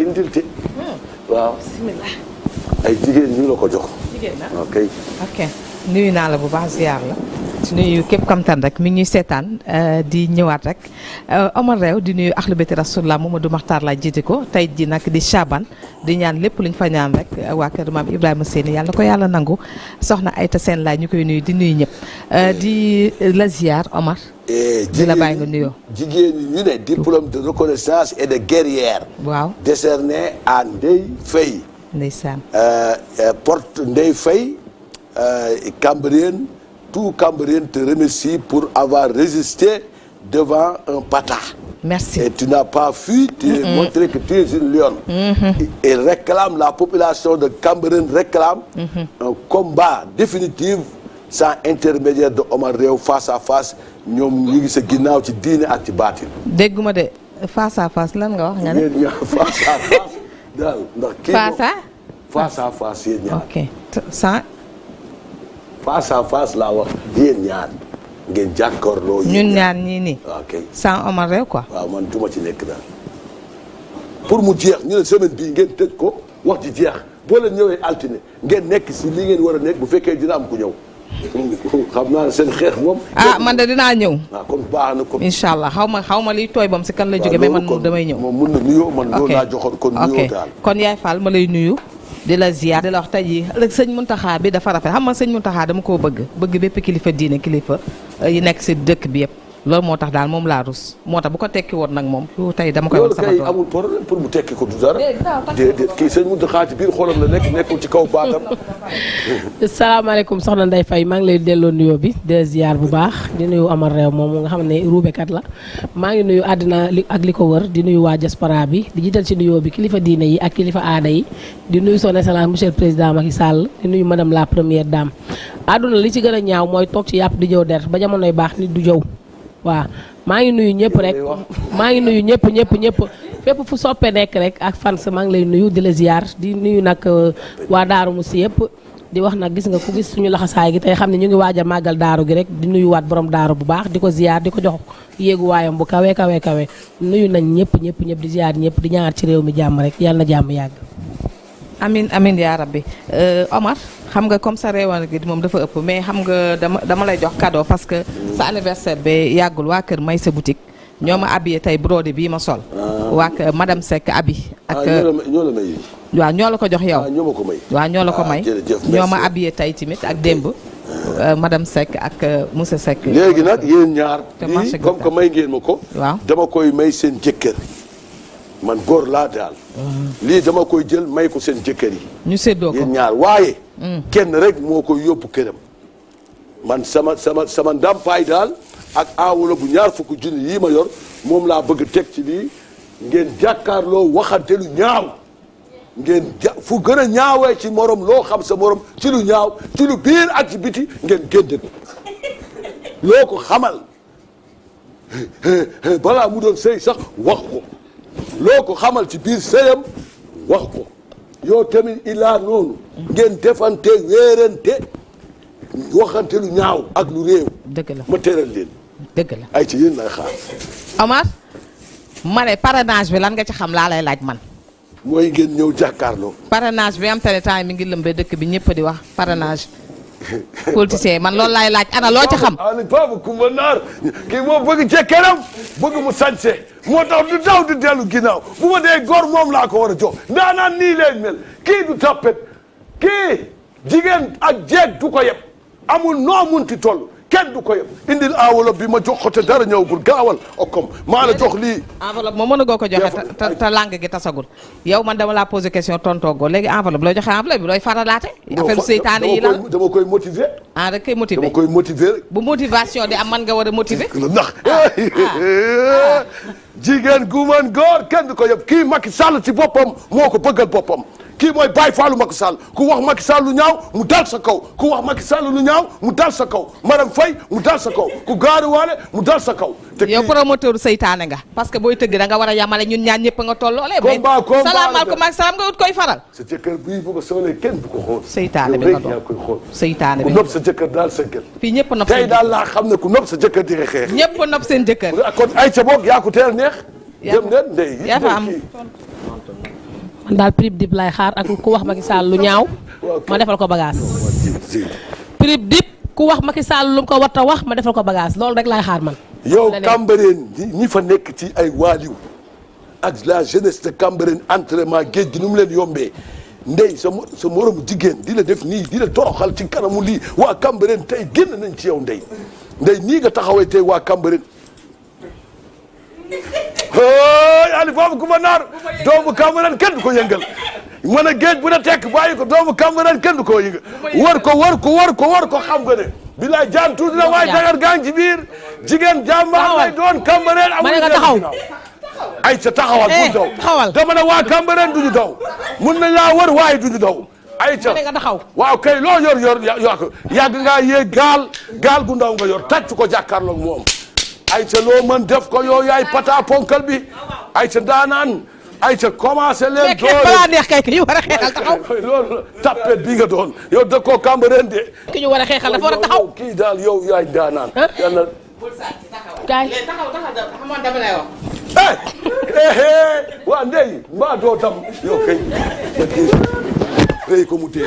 indil de. Hmm. waaw bisimilah. ay jigéen ñu la ko jox. jigéen ok. naa la bu baax ziar la. di nuyu képp kamtan rek mi ngi ñuy seetaan eh, di ñëwaat rek eh, Omar Rew di nuyu axlu béti rasulullah Mamadou Maxtaar laa jiite ko tey ji nag di Chaban di ñaan lépp luñ fa ñaan rek eh, waa kër maam Ibrahima Seyni yàlla na ko yàlla nangu soxna Ayta Seen laa ñu koy nuyu di nuyu ñëpp di la ziar Omar di la bàyyi nga nuyoo jigéen ñu ne diplôme de reconnaissance et de guerrière waaw décerné à Ndeye Faye ndeysaan porte Ndeye Faye Cambérène tout Cambérène te remercie pour avoir résisté devant un pata. Merci. Et tu n'as pas fui, tu mm -mm. que tu es une lionne. Mm-hmm. Et réclame, la population de Cambérène réclame -hmm. un combat définitif sans intermédiaire de Omar Rew face à face ñoom ñu ngi sa ginnaaw ci diine ak ci baatin. dégguma de face à face lan nga wax nga ne. face à face daal ndax. kii face à face à face yéen ñaar. ok sans. face à face laa wax yéen ñaar ngeen ñun ñaan ñii nii. Ah, ok sans Omar rek quoi. waaw man duma ci nekk daal pour mu jeex ñu ne semaine bii ngeen tëj ko wax ji jeex boo leen ñëwee altine ngeen nekk si li ngeen wara a nekk bu fekkee dina am ku ñëw. xam naa seen xeex moom. ah man de dinaa ñëw. waaw ah, kon baax na kon. incha allah xaw ma xaw tooy bam si kan la jógee. mais man moom damay ñëw. moom mun na nuyoo man loolu laa kon yaay Fall ma lay nuyu. di la ziar di la wax tey jii ëllëg sëñ Muntaxa bi dafa rafet xam nga sëñ Muntaxa dama koo bëgg bëgg bépp kilifa diine kilifa euh, yi nekk si dëkk bi yëpp loolu moo tax daal moom laa rus moo tax bu ko tekki woon nag moom tey dama koy wax mu tekki ko du dara déedéet kii sëñ Mountakha ci biir xolam la nekk nekkul ci kaw baatam salaamaaleykum soxna Ndeye Faye maa ngi lay delloo nuyoo bi de ziar bu baax di nuyu Amar Réew moom nga xam ne ruubekat la maa ngi nuyu àddina li ak li ko wër di nuyu waa diaspora bi di jiital ci nuyoo bi kilifa diine yi ak kilifa aada yi di nuyu son excellence monsieur le président Macky Sall di nuyu madame la première dame àdduna li ci gën a ñaaw mooy toog ci yàpp di jëw der ba jamonoy baax nit du jëw waaw maa ngi nuyu ñëpp rek maa ngi nuyu ñëpp ñëpp ñëpp fépp fu soppe nekk rek ak fans maa ngi lay nuyu di la ziar di nuyu nag euh, waa Daaru Musi yëpp di wax nag gis nga ku gis suñu laxasaay gi tey xam ne ñu ngi waaj a màggal daaru gi rek di nuyuwaat borom daaru bu baax di ko ziar di ko jox yéeguwaayam bu kawee kawee kawee nuyu nañ ñëpp ñëpp ñëpp di ziar ñëpp di ñaar ci réew mi jàmm rek yàlla na jàmm yàgg amin amin yaa rabbi euh, Omar xam nga comme sa réewal gi moom dafa ëpp mais xam nga dama dama lay jox cadeau parce que sa anniversaire bi yàggul waa kër may sa boutique ñoo ma habillé tey brodé bii ma sol. Ah. waa kër madame abi ak ah, ñoo la ko jox yow. Ah, ñoo ko may. waaw la ko may ñoo ma habillé tey tamit ak démb. Euh, madame Seck ak euh, monsieur Seck. léegi nag yéen ma ko. waaw dama koy may seen jëkkër. man góor laa daal. lii dama koy jël may ko seen jëkkër yi. ñu séddoo ko ñaar waaye. Mm. kenn rek moo koy yóbbu këram. man sama sama sama daal ak aawolo bu ñaar fukki junni yii ma moom laa bëgg teg ci lii ngeen jàkkaarloo waxante lu ñaaw. ngeen fu gën a ñaawee ci morom loo xam sa morom ci lu ñaaw ci lu biir ak ci biti ngeen génn ko loo ko xamal balaa mu doon sëy sax wax ko. loo ko xamal ci biir sëyam wax ko yow tamit ilaa noonu ngeen defante wéerante waxante lu ñaaw ak lu réew dëgg la ma tëral leen dëgg la ay ci yéen lay xaar Omar ma ne bi lan nga ci xam laa lay laaj man mooy ngeen ñëw jàkkaarloo parrainage bi am tane temps mi ngi lëmbee dëkk bi ñëpp di wax parenage politicien man loolu laay laaj ana loo ca xam. ana Papa Kumba Naar kii moo bëgg jëkkëram bëgg mu sañse moo tax du daw du dellu ginnaaw bu ma dee góor moom laa ko war a jox ndaanaan nii lay mel kii du tappet kii jigéen ak jeeg du ko yeb amul noo munti toll. kenn du ko indil enveloppe bi ma jox ko te dara ñëwagul gaawal okkom maa la jox lii. enveloppe moom mën a goo ko joxe te te langue gi tasagul yow man dama laa posé question tontoogoo léegi enveloppe looy joxe enveloppe bi looy faralaate. affaire seytaane yi la dama koy motiver. Ah, rek koy motiver bu motivation di am man nga war a motiver. ndax. Ah. Ah. jigéen gu mën kenn du ko yëpp kii Macky Sall ci boppam moo ko bëggal boppam kii mooy Baye Fallou Macky Sall ku wax Macky Sall lu ñaaw mu dal sa kaw ku wax Macky lu ñaaw mu dal sa kaw Marème Faye mu dal sa kaw ku gaaruwaale mu dal sa kaw. te yow promoteur seytaane nga. parce que booy tëgg da nga a yamale ñun ñaan ñëpp nga tolloolee. combat combat mais salaamaaleykum ak salaam nga ut koy faral. sa jëkkër bii bu ko solee kenn bi nga xool. seytaane bi ku nopp sa jëkkër daal sa fii ñëpp nopp seen jëkkër neex. yaa fa yaa am man daal prix dip lay xaar ak ku wax Macky Sall lu ñaaw. ma defal ko bagaas prix dip ku wax Macky Sall lu mu ko war wax ma defal ko bagage loolu rek lay xaar man. yow Cambérène ñi fa nekk ci ay waaliw ak la jeunesse de Cambérène entraînement géej gi nu leen yombee. ndey sa sa moromu jigéen di def nii di toroxal ci kanamu lii waa Cambérène tey génn nañ ci yow ndey ndey nii nga taxawee tey waa Cambérène hooy ali foofu gouverneur doomu Cambérène kenn du ko yëngal mën a géej bu ne tekk bàyyi ko doomu Cambérène kenn du ko yëngal war ko war ko war ko war ko xam nga ne bilaay jaan tuuti na waaye dagar gaan ci biir jigéen jàmbaar lay doon Cambérène amul taxaw ay sa taxawal bu eh, daw dama ne waa Cambérène duñu daw mun nañ laa war waaye duñu daw ayca waaw kay loo yor yor yàgg ngaa yéeg gaal gaal gu ndaw nga yor tàcc ko jàkkaarloog moom ayca loo mën def ko yow yaay pata ponkal bi ayca daanaan ayca commencé leen. doole balaa neex kay ki ñu war a xeexal taxaw. loolu tapet bi nga doon yow dëkkoo Cambérène de. ki ñu war a xeexal dafa war a taxaw kii daal yow yaay daanaan. yàlla. kaay mais taxaw taxaw da xam nga dama lay wax. Eh! Eh, eh! waa ndey mbaa doo tam yow kay. rëy ko mu dee.